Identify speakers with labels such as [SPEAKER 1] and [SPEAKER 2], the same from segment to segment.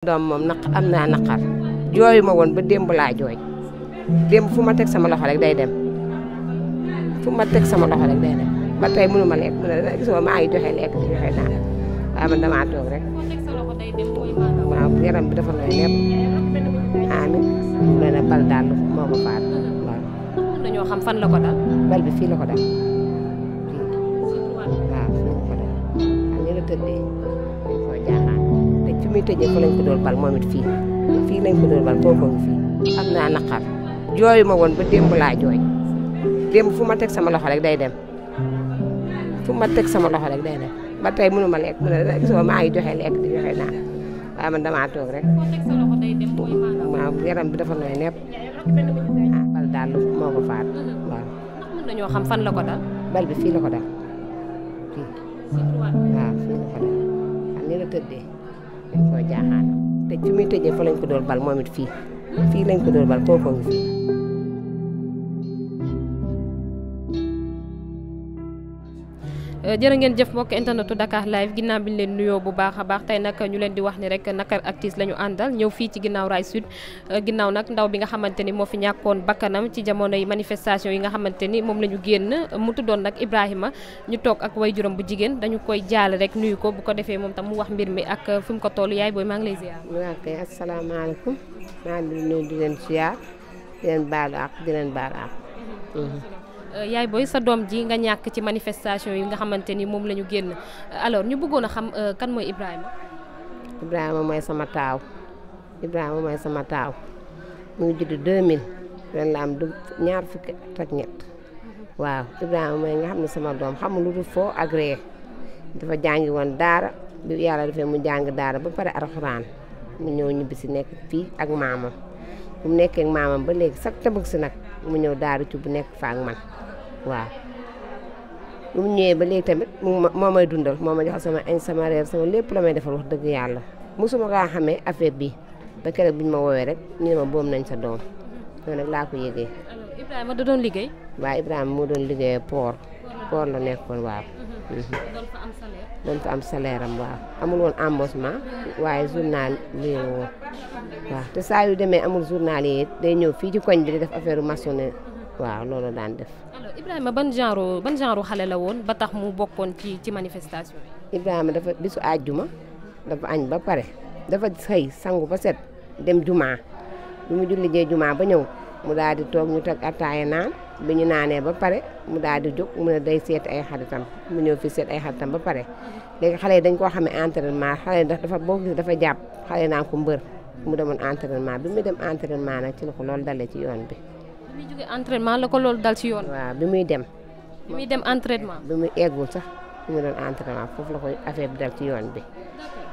[SPEAKER 1] doom moom naq am naa naqar jooyu ma woon ba démb laa jooy démb fu ma teg sama loxo rek day dem fu ma teg sama loxo rek day dem ba tey mënu ma lekk mënu maa ngi joxe lekk di joxe naan waaw man damaa toog rek waaw yaram dafa nooy lépp amiin ne bal daal moo ko faat
[SPEAKER 2] waaw. xam fan
[SPEAKER 1] la ko dal. bal bi fii la ko dal
[SPEAKER 2] waaw tëddee. muy tëjee fa lañ ko doon
[SPEAKER 1] bal moom fii fii lañ ko doon bal fii am naa naqar jooyu ma woon ba démb laa jooy démb fu ma teg sama loxo rek day dem fu ma teg sama loxo rek day dem ba tey mënu ma lekk mën na maa ngi joxe lekk
[SPEAKER 2] di toog rek waaw
[SPEAKER 1] yaram bi dafa nooy nepp ah, bal daal moo ko faat waaw.
[SPEAKER 2] mën xam fan la ko dal.
[SPEAKER 1] bal fii la ko am
[SPEAKER 2] ni la tëddee.
[SPEAKER 1] dañ koo jaaxaan te ci muy tëjee fa lañ ko fii fii lañ ko doon bal kooku ngi
[SPEAKER 2] Euh, jërë ngeen jëf mbokk internetu Dakar live ginnaaw bi ñu leen nuyoo bu baax a baax tey nag ñu leen di wax ni rek nakar ak tiis àndal ñëw fii ci ginnaaw raay sud euh, ginnaaw nag ndaw bi nga xamante ni moo fi ñàkkoon bakkanam ci jamono yi manifestation yi nga xamante ni moom la ñu génn mu tuddoon nag Ibrahima ñu toog ak way juróom bu jigéen dañu koy jaal rek nuyu ko bu ko defee moom tam mu wax mbir mi ak fi mu ko toll yaay booy maa ngi lay ziar.
[SPEAKER 1] waaw kay asalaamaaleykum maa ngi leen leen ziar di di leen baal
[SPEAKER 2] Euh, yaay booy sa doom ji nga ñàkk ci manifestation yi nga xamante ni moom la ñu génn alors ñu bëggoon a xam euh, kan mooy Ibrahima.
[SPEAKER 1] Ibrahima mooy sama taaw Ibrahima mooy sama taaw mu ngi judd 2000 ren la am du ñaar fukki at ak ñett waaw Ibrahima mooy nga xam ne sama doom xamul lu dul foo agréé dafa jàngi woon daara bi yàlla defee mu jàng daara ba pare alxuraan mu ñëw ñibbi si nekk fii ak maamam bu mu nekkee ak maamam ba léegi sax tabëg si nag. mu ñëw daaru ci bu nekk fa ak man waaw. bu mu ñëwee ba léegi tamit moo may dundal moo ma joxal sama añ sama reer sama lépp la may defal wax dëgg yàlla mosuma kaa xamee affaire bi ba keroog bu ñu ma woowee rek ñu ne ma boom nañ sa doom loolu nag laa ko yëgee.
[SPEAKER 2] Ibrahima da doon
[SPEAKER 1] moo doon liggéey poor poor la nekkoon waaw. doon fa am saleeram doon fa am waaw amul woon embauchement waaye journal lii woon waaw te saa yu demee amul journal yi day ñëw fii ci koñ bi di def affaire maçonnerie waaw loolu daan def.
[SPEAKER 2] Ibrahima ban genre ban genre xale la woon ba tax mu bokkoon ci ci manifestation
[SPEAKER 1] yi. Ibrahima dafa bisu juma dafa añ ba pare dafa xëy sangu ba set dem jumaa lu mu julli jee jumaa ba ñëw mu daal di toog ñu teg attaaya naan. bi ñu naanee ba pare mu daal di jóg mu ne day seet ay xaritam mu ñëw fi seet ay xaritam ba pare léegi xale yi dañ koo xamee entraînement xale yi dafa boo gis dafa jàpp xale naa ko mbër mu demoon entraînement bi muy dem entraînement nag ci la ko loolu dalee ci yoon bi.
[SPEAKER 2] bi la ko loolu dal ci yoon. waaw bi muy dem. muy dem entraînement. bi muy eggul sax bi mu
[SPEAKER 1] doon entraînement foofu la koy affaire bi dal ci yoon bi.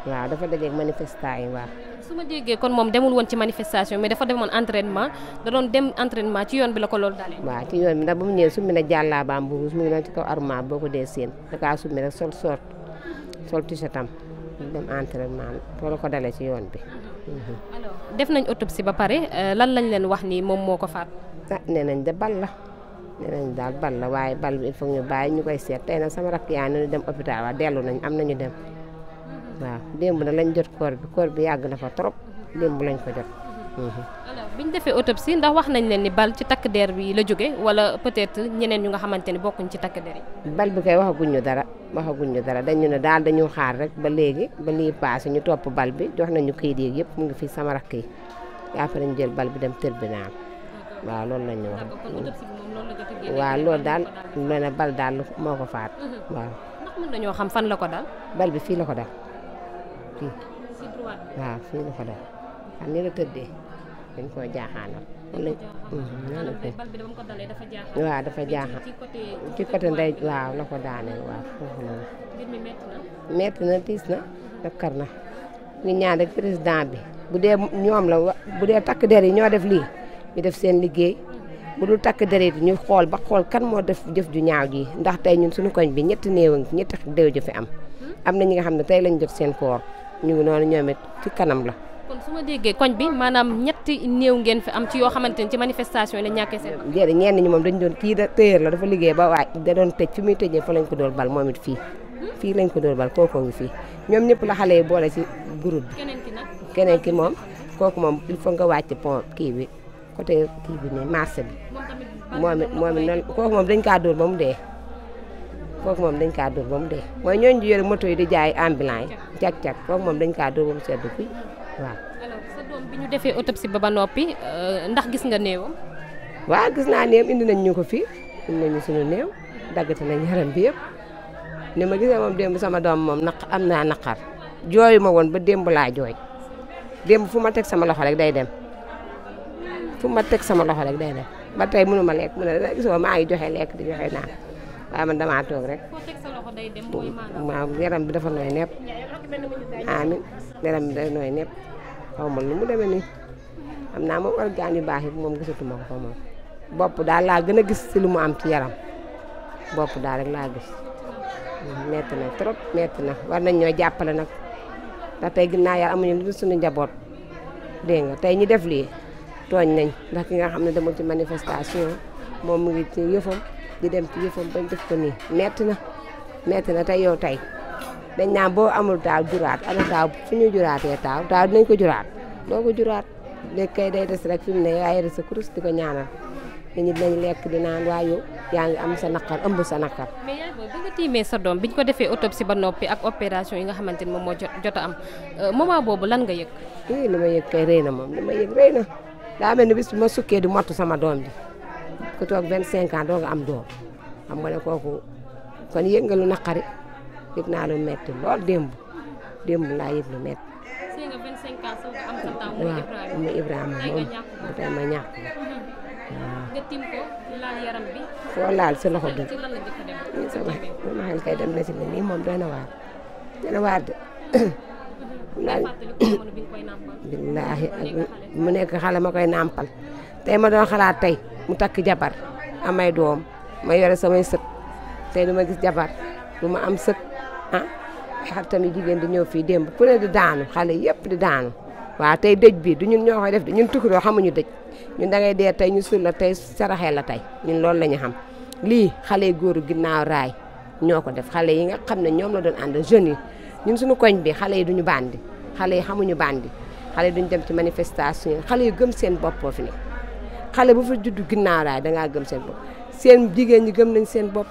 [SPEAKER 1] waaw dafa dajeeg manifestant yi waaw.
[SPEAKER 2] su ma déggee kon moom demul woon ci manifestation mais dafa demoon entraînement da doon dem entraînement ci yoon bi la ko loolu dalee. waaw
[SPEAKER 1] ci yoon bi ndax ba mu ñëwee summi na jàllaabaam boobu mu ngi doon kaw armoire boo dee seen da kaa summi rek sol sort sol t-shirtam dem entraînement boo ko dalee ci yoon bi.
[SPEAKER 2] def nañ autopsie ba pare euh, lan lañ leen wax ni moom moo ko faat. ah nee nañ de bal la
[SPEAKER 1] nee nañ daal bal la waaye bal bi il faut ñu bàyyi ñu koy seet tey nag sama rakk yaa ñu dem hôpital waa dellu nañ am nañu dem. waaw démb na lañ jot koor bi koor bi yàgg na fa trop démb lañ ko jot. Mhm.
[SPEAKER 2] alors bi ñu defee autopsie ndax wax nañ leen ni bal ci takk der bi la jóge wala peut-être ñeneen ñu nga xamante ni bokkuñ ci takk der yi.
[SPEAKER 1] bal bi kay waxaguñ ñu dara waxaguñ ñu dara dañu ne daal dañu xaar rek ba léegi ba lii paase ñu topp bal bi jox nañu kayit yeeg yëpp mu ngi fii sama rakk yi après ñu jël bal bi dem tribunal waaw loolu la ñu wax.
[SPEAKER 2] waaw loolu daal mel
[SPEAKER 1] ne bal daal moo ko faat mhm. waaw.
[SPEAKER 2] ndax xam fan la ko dal.
[SPEAKER 1] bal bi fii la ko dal. kii waaw fii la ko def xam ni la tëddee dañ koo jaaxaanal
[SPEAKER 2] waaw dafa jaaxaan ci côté ndey waaw
[SPEAKER 1] la ko daaneel metti na tiis na dokkar na ñu ñaan rek président bi bu dee ñoom la bu dee takk der yi ñoo def lii ñu def seen liggéey bu dul takk deret yi ñu xool ba xool kan moo def jëf ju ñaaw ji ndax tey ñun suñu koñ bi ñetti néew ñetti déew ju fi am hmm? am na ñi nga xam ne tey lañ jot seen koor ñu ngi noonu ñoom it ci kanam la.
[SPEAKER 2] su ma déggee koñ bi maanaam ñetti néew ngeen fi am ci yoo xamante ne ci manifestation yi la ñàkkee
[SPEAKER 1] ñi moom dañ doon kii da téyër la dafa liggéey ba waaj da doon tëj fi muy tëjee fa lañ ko doon bal moom it fii hmm? fii lañ ko doon bal kooku ngi fii ñoom ñëpp la xale yi boole ci groupe bi. keneen ki moom kooku moom il faut nga wàcc pont kii bi côté marché bi. moom it moom it moom dañ kaa dóor ba mu dee foofu moom dañ kaa dóor ba mu dee mooy ñooñu di yore moto yi di jaay ambulance yi cag moom dañ kaa dóor ba mu sedd fii
[SPEAKER 2] ba ba noppi euh, ndax gis nga néewam.
[SPEAKER 1] waaw gis naa néew indi nañ ñu ko fii indi nañu suñu néew daggati nañ yaram bi yëpp ni ma gisee moom démb sama doom moom naq am naa naqar jooyu ma woon ba démb laa jooy démb fu ma teg sama loxo rek day dem fu ma teg sama loxo rek day dem ba tey mënu ma lekk mu ne gisoo maa ngi joxe lekk di joxe naan. waaye man damaa toog rek. waaw yaram bi dafa nooy nepp. amiin yaram bi day nooy nepp xaw ma lu mu demee nii xam naa moom organ yu baax yi moom gisatuma bopp daal laa gën a gis si lu mu am ci yaram bopp daal rek laa gis hmm, metti na trop metti na war nañ ñoo jàppale nag ndax tey ginnaaw yàlla amuñu lu suñu njaboot dégg nga tey ñi def lii tooñ nañ ndax ki nga xam ne demul ci manifestation moom mu ngi ci yëfam di dem ci yëfam bañ def ko nii metti na metti na tey yow tey dañ naan boo amul taaw juraat ana taaw fu ñu juraatee taaw taaw dinañ ko juraat doo ko juraat léegi day des rek fi mu ne sa kurus di ko ñaanal nit ñi lekk di naan waaye yaa ngi am sa naqar ëmb sa naqar.
[SPEAKER 2] mais yaay booy bi ñu ko defee autopsie ba noppi ak opération yi nga xamante ni moom moo jot a am euh, moment boobu lan nga yëg. eh
[SPEAKER 1] li ma yëg kay rey na moom li ma yëg rëy na daa mel ni bis bu ma sukkee di mott sama doom bi. ku toog 25 ans doo am doom xam nga kooku kon yëg nga lu naqari yëg naa lu metti lool démb démb laa yëg lu metti.
[SPEAKER 2] sëy nga dem
[SPEAKER 1] na mu nekk xale ma koy nàmpal tey ma doon xalaat tey mu takk jabar amay doom ma yore samay sët tey du ma gis jabar du ma am sët ah tami tamit jigéen di ñëw fii démb ku ne di daanu xale yëpp di daanu waa tey dëj bi du ñu ñoo koy def de ñun tukkiroo xamuñu dëj ñu dangay ngay dee ñu suul la tey saraxee la tey ñun loolu la ñu xam lii xale góoru ginnaaw raay ñoo ko def xale yi nga xam ne ñoom la doon ànd jeunes yi ñun suñu koñ bi xale yi duñu bandi xale yi xamuñu bandi xale yi duñu dem ci manifestation xale yu gëm seen boppoo fi xale bu fa juddu ginnaaw raay dangaa gëm seen bopp seen jigéen ñi gëm nañ seen bopp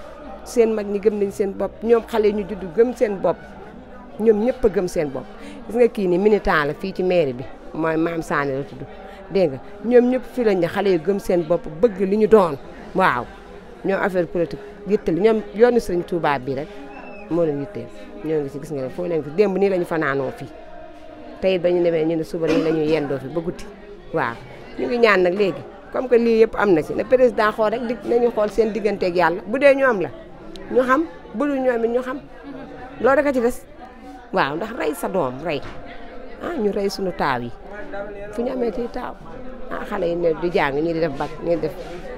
[SPEAKER 1] seen mag ñi gëm nañ seen bopp ñoom xale ñu juddu gëm seen bopp ñoom ñëpp gëm seen bopp gis nga kii ni militant la fii ci mairie bi mooy maam Sané la tudd dégg ñoom ñëpp fii lañ ne xale yu gëm seen bopp bëgg li ñu doon waaw ñoom affaire politique yittali ñoom yoonu sëriñ Touba bi rek moo leen yitteel ñoo ngi si gis nga ne foo leen fi démb nii la ñu fii tey it ba ñu demee ñu ne suba nii la ba guddi waaw ñu ngi ñaan nag léegi comme que lii yëpp am na ci ne président xool rek dig nañu xool seen digganteeg yàlla bu dee ñoom la ñu xam bu dul ñoom it ñu xam loolu rek a ci des waaw ndax rey sa doom rey ah ñu rey suñu taaw yi fu ñu amee ci taaw ah xale yi ne di jàng ñii di def bac ñii di def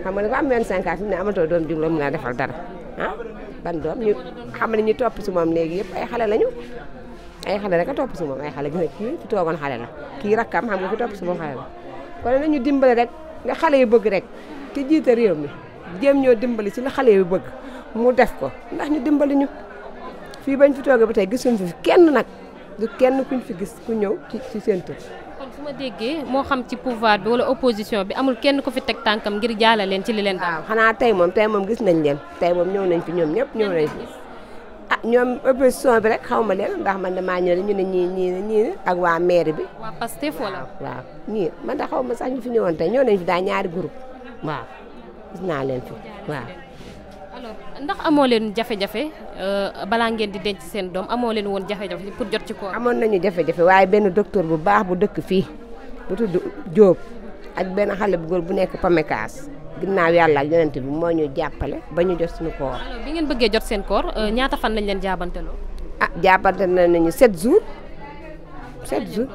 [SPEAKER 1] xam am benn cinq ans ne amatoo doom di la mën dara ah ban doom ñu xam ne topp si moom léegi yëpp ay xale lañu ay xale rek a topp si moom ay xale gën ci toogoon xale la kii rakkam xam nga ki topp si moom xale la kon nañu dimbale rek. nga xale yi bëgg rek te jiite réew mi jéem ñoo dimbali ci la xale yi bëgg mu def ko ndax ñu dimbali ñu fii bañ fi toogee ba tey gisuñ fi kenn nag du kenn ku ñu fi gis ku ñëw ci ci seen tur.
[SPEAKER 2] kon su ma déggee moo xam ci pouvoir bi wala opposition bi amul kenn ku fi teg tànkam ngir jaala leen ci li leen. waaw xanaa
[SPEAKER 1] tey moom tey moom gis nañ leen tey moom ñëw nañ fi ñoom ñëpp ñëw nañ fi. ah ñoom opposition bi rek xaw ma leen ndax man damaa ñëw ñu ne ñii ñii ñii ak waa maire bi.
[SPEAKER 2] waa Pastef wala. Ah,
[SPEAKER 1] waaw ñii man da xaw ma sax ñu fi ñëwoon tey ñoo nañu fi daa ñaari group waaw gis naa leen fi waaw.
[SPEAKER 2] ndax amoo leen jafe-jafe euh, balaa ngeen di denc seen doom amoo leen woon jafe-jafe pour jot ci koor. amoon
[SPEAKER 1] nañu jafe-jafe waaye benn docteur bu baax bu dëkk fii bu tudd Diop ak benn xale bu góor bu nekk Pamekaas. ginnaaw yàlla ak yonent bi moo ñu jàppale ba ñu jot suñu koor.
[SPEAKER 2] alors ngeen bëggee jot seen koor euh, ñaata fan lañ leen jaabanteloo.
[SPEAKER 1] ah jaabante nañu 7 jours 7 jour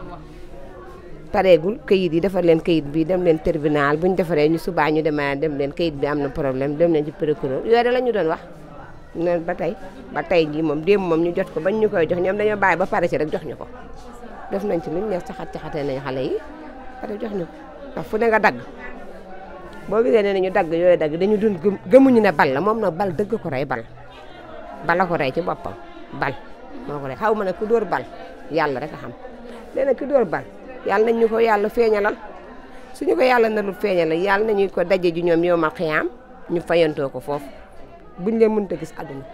[SPEAKER 1] pareegul kayit yi defar leen kayit bi dem leen tribunal bu ñu defaree ñu subaa ñu demee dem leen kayit bi am na problème dem leen ci procureur yooyu da la ñu doon wax. ne ba tey ba tey jii moom démb moom ñu jot ko bañ ñu koy jox ñoom dañoo bàyyi ba pare ci rek jox ñu ko. def nañ ci luñ ne caxat caxatee nañ xale yi pare jox ñu boo gisee nee ñu dagg yooyu dagg dañu dun gëmuñu ne bal la moom nag bal dëgg ko rey bal balla ko rey ci boppam bal moo ko rey xaw ma ne ku dóor bal yàlla rek a xam nee na ku dóor bal yàlla nañ ñu ko yàlla feeñalal suñu ko yàlla na lu feeñalal yàlla nañu ko daje ji ñoom yow ma ñu fayantoo ko foofu buñ leen mënta gis àdduna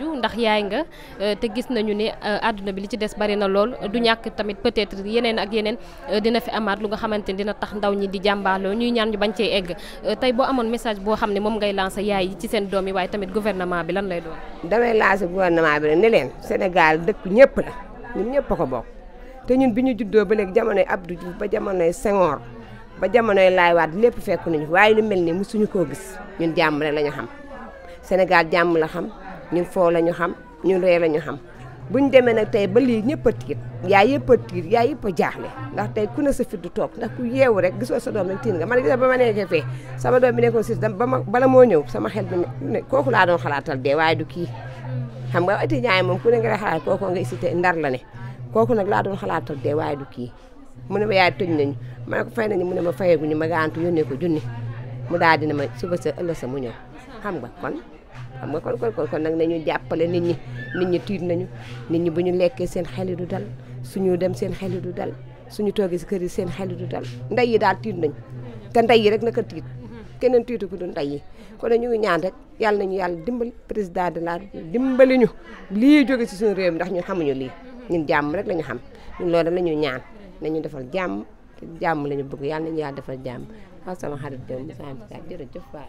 [SPEAKER 2] aju ndax yaay nga euh, te gis nañu ne euh, àdduna bi li ci des bari na lool du ñàkk tamit peut-être yeneen ak yeneen euh, dina fi amaat lu nga xamante ni dina tax ndaw ñi di jàmbaaloo ñuy ñaan ñu bañ cee egg tey boo amoon message boo xam ne moom ngay lancé yaay yi ci seen doom yi waaye tamit gouvernement bi lan lay doon. damay
[SPEAKER 1] lancé gouvernement bi ne leen Sénégal dëkk ñëpp la ñëpp a ko bokk te ñun bi ñu juddoo ba léegi jamonoy Abdou Diouf ba jamonoy Senghor ba jamonoy Laay lépp fekk nañu waaye lu mel ni suñu koo gis ñun jàmm la ñu xam Sénégal jàmm la xam ñun foo la ñu xam ñun ree la ñu xam buñ demee nag tey ba lii ñëpp a tiit yaa yëpp a tiit yaa yëpp a jaaxle ndax tey ku ne sa fit du toog ndax ku yeewu rek gisoo sa doom rek tiit nga man gis ba ma nekkee fee sama doom bi nekkoon si ba ma bala moo ñëw sama xel kooku laa doon xalaatal dee waaye du kii xam nga étudiant yi moom ku ne nga lay xalaat kooku nga cité ndar la ne kooku nag laa doon xalaatal dee waaye du kii mu ne ma yaay tëj nañu ma ko fay nañu mu ne ma fayeeguñu ma gaantu yónnee ko junni mu daal dina ma suba sa ëllëg sa mu ñëw xam nga kon xam nga kon kon kon nag nañu jàppale nit ñi nit ñi tiit nañu nit ñi bu ñu lekkee seen xel du dal suñu dem seen xel du dal suñu toogee si kër yi seen xel du dal ndey yi daal tiit nañu te ndey yi rek naka tiit keneen tiitu ko du ndey yi kon ñu ngi ñaan rek yàlla nañu yàlla dimbali président de la dimbali ñu lii jóge si suñu réew mi ndax ñun xamuñu lii ñun jàmm rek la ñu xam ñun loolu la ñuy ñaan nañu defal jàmm jàmm la ñu bëgg yàlla nañu yàlla defal jàmm waaw sama xarit Diop Moussa Moussa jërëjëf waay